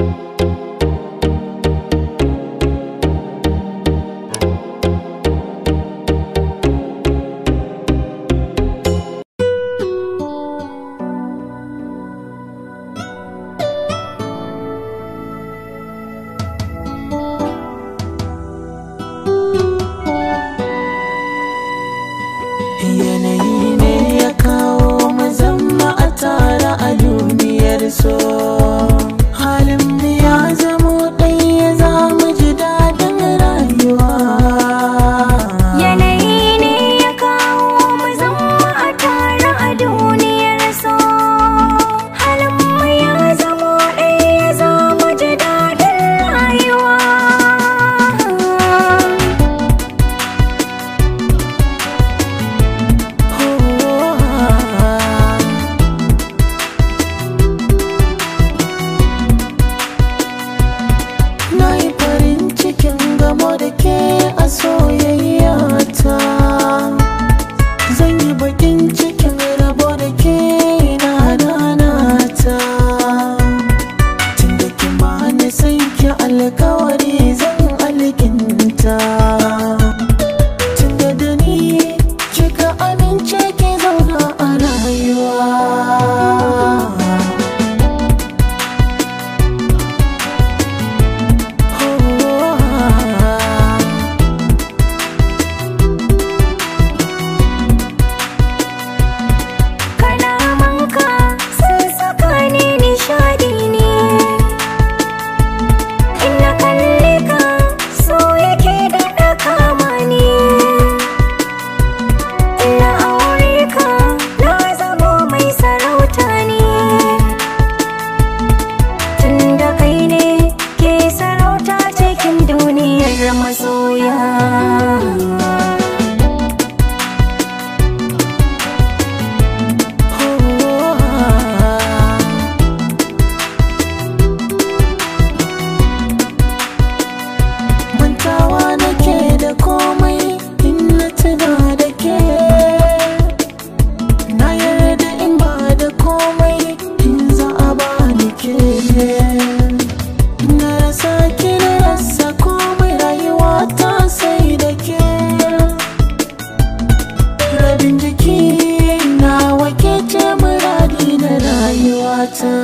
you na rasa ki na rasa komai rayuwa ta sai da ke rabin jiki na wake muradi na rayuwa ta